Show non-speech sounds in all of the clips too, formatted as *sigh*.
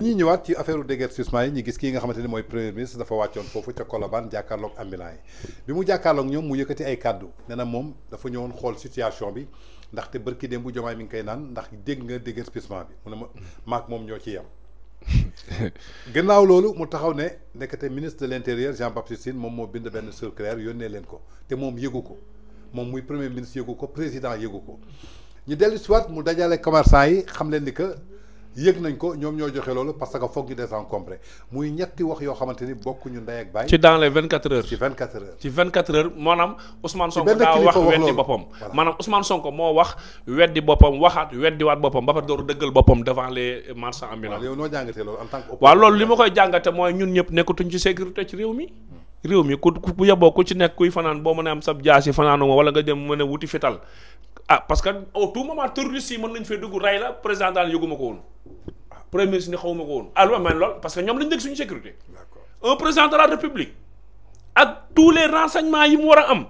ñi ñëwaat ci affaire déguerpissement yi ñu gis kii nga xamante ni mooy premier ministre dafa wàccoon foofu ca Colobane jàkkaarloog ambulant yi bi mu jàkkaarloog ñoom mu yëkkati ay kàddu nee na moom dafa ñëwoon xool situation bi ndaxte bërki démb bu jomaay mi ngi koy naan ndax dégg nga déguerpissement bi mu ne ma maak moom ñoo ci yam *laughs* gannaaw loolu mu taxaw ne nekkate ministre de l' intérieur Jean Baptiste Tine moom moo bind benn circulaire yónnee leen ko te moom yëgu ko moom muy premier ministre yëgu ko président yëgu ko ñu dellu si waat mu dajale commerçant yi xam leen ni que yëg nañ ko ñoom ñoo joxe loolu parce que foog ñu désencombré muy ñetti wax yoo xamante ni bokkuñu ndey ak baay. ci dans les vingt quatre heures ci vingt quatre heures. ci vingt quatre heures maanaam Ousmane Sonko daa wax weddi boppam. maanaam Ousmane Sonko moo wax weddi boppam waxaat weddiwaat boppam ba fa door dëggal boppam devant les marchands ambulants. waaw yow noo jàngatee loolu en tant que. waaw loolu li ma koy jàngate nekkatuñ ci sécurité ci réew mi. réew mi ku ku yeboo ku ci nekk kuy fanaan boo mën a am sab jaasi fanaanoo wala nga dem mën a wuti fetal ah parce que au tout moment yi mën nañu fee dugg rey la président daal yëguma ko woon premier ministre ni xawuma ko woon alors ah, man lool parce que ñoom lañu nekk suñu sécurité un président de la république ak tous les renseignements yi mu war a am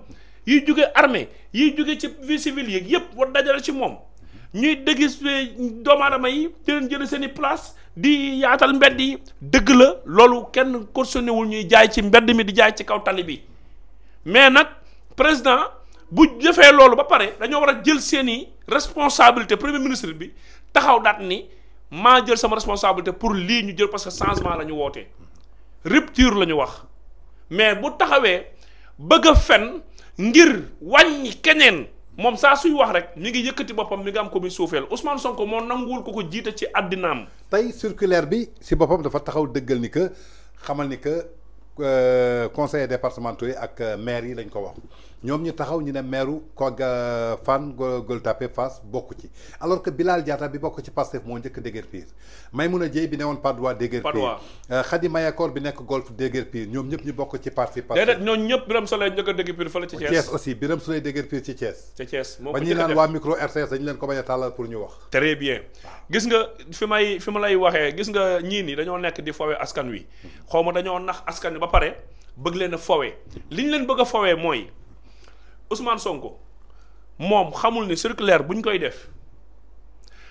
yiy jóge armée yiy jóge ci vie civile yi yëpp war dajale ci moom ñuy dégis doomu aadama yi di leen jël seen i place di yaatal mbedd yi dëgg la loolu kenn cautionné wul ñuy jaay ci mbedd mi di jaay ci kaw tali bi mais nag président bu jëfee loolu ba pare dañoo war a jël seeni responsabilité premier ministre bi taxaw daat ni maa jël sama responsabilité pour lii ñu jël parce que changement la ñu woote rupture la ñu wax mais bu taxawee bëgg a fen ngir wàññi keneen. moom saa suy wax rek mi ngi yëkkati boppam mi ngi am ko muy suufeel Ousmane Sonko moo nanguwul ko ko jiite ci àddinaam. tey circulaire bi si boppam dafa taxaw dëggal ni que xamal ni que euh, conseillers départementaux yi ak euh, maires yi lañ ko wax. ñoom ñu taxaw ñu ne meeru Kog euh, Fann Gueule Tapée Fass bokk ci alors que Bilal Diatta bi bokk ci Pastef moo njëkk déguerpir Maïmouna Dièye bi ne woon Padois déguerpir euh, Khady Mahécor bi nekk Golf déguerpir ñoom ñëpp ñu bokk ci parti Pastef déedéet ñoom ñëpp Birame Souleye njëkk a déguerpir fële ci Thiès Thiès aussi Birame Souleye déguerpir ci Thiès ba ñuy naan waa micro RTS dañu leen ko bañ a tàllal pour ñu wax très gis nga fi may fi ma lay waxee gis nga ñii ni dañoo nekk di fowe askan wi xaw ma dañoo nax askan wi ba pare bëgg leen a li ñu leen bëgg a fowe mooy Ousmane Sonko mom xamul ne circulaire buñ koy def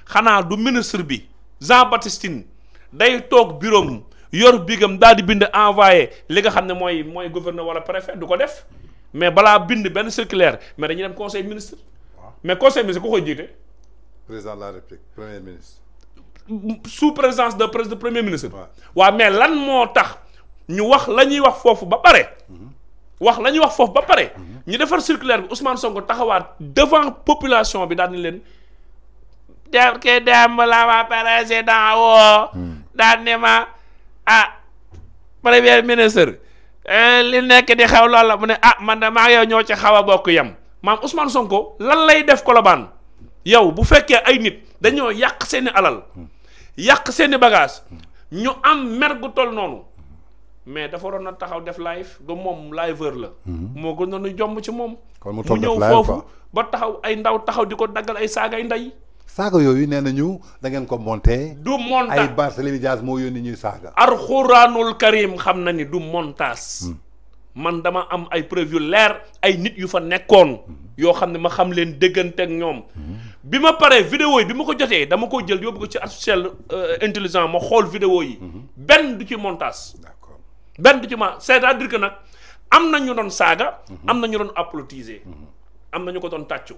xanaa du ministre bi Jean Baptistine day tok bureau yor bigam dal di bind envoyer li nga xamne moy moy gouverneur wala préfet du ko def mais bala bind ben circulaire mais dañu dem conseil ministre. mais conseil ministre ko koy jiite. président de la république premier ministre. sous présidence de président premier ministre. wa mais lan mo tax ñu wax lañuy wax fofu ba pare. Mhm. wax lañu wax fof ba pare ñu defar circulaire bi Ousmane Sonko taxawaat devant population bi daal ni leen dem ke dem la ma président wo daal ni ma ah premier ministre eh, li nekk di xaw loolu la mu ne ah man dama yow ñoo ci xaw a bokk yam maam Ousmane Sonko lan lay def Colobane yow bu fekkee ay nit dañoo yàq seeni alal yàq bagas. bagage ñu am mer gu toll mais dafa waroon na taxaw def live ba moom liveur la. Mhm. moo gënoon a jomb ci moom. kon mu toog def live ñëw foofu ba taxaw ay ndaw taxaw di ko daggal ay saagay ndey. saaga yooyu nee ñu da ngeen ko monté. du montage ay Barthélémy Dias moo yónni ñuy saaga. Alxuraanul Karim xam na ni du montage. Hmm. man dama am ay preuve yu leer ay nit yu fa nekkoon. Hmm. yoo xam ne ma xam leen déggante ak ñoom. Hmm. bi ma paree vidéo yi bi ma ko jotee dama ko jël yóbbu ko ci artificiel euh, intelligent ma xool vidéo yi. benn du ci montage. benn bi ci ma cest à nag am na ñu doon saaga. Mhm. am na ñu doon apolotiser. Mhm. am na ko doon tàccu.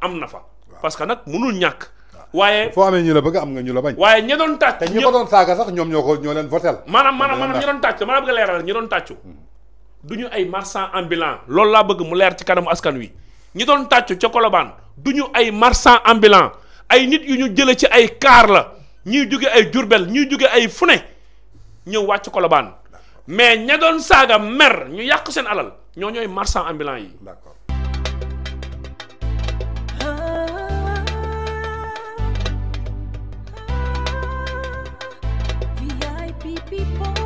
am na fa. parce que nag mënul ñàkk. waaye foo amee ñu la bëgg am nga ñu la bañ. waaye ñi doon tàcc. te ñi ko doon saaga sax ñoom ñoo ko ñoo leen votel. maanaam maanaam maanaam ñi doon tàcc maanaam bëgg mhm. du ñu ay marchand ambulant loolu laa bëgg mu leer ci kanamu askan wi ñi doon tàccu ca kolobaan du ñu ay marchand ambulant ay nit yu ñu jëlee ci ay kaar la ñuy jóge ay Jurbel ñuy jóge ay fune ñëw wàcc Colobane mais ñi doon saaga mer ñu yàq seen alal ñoo ñooy marchand ambulant yi d'accord people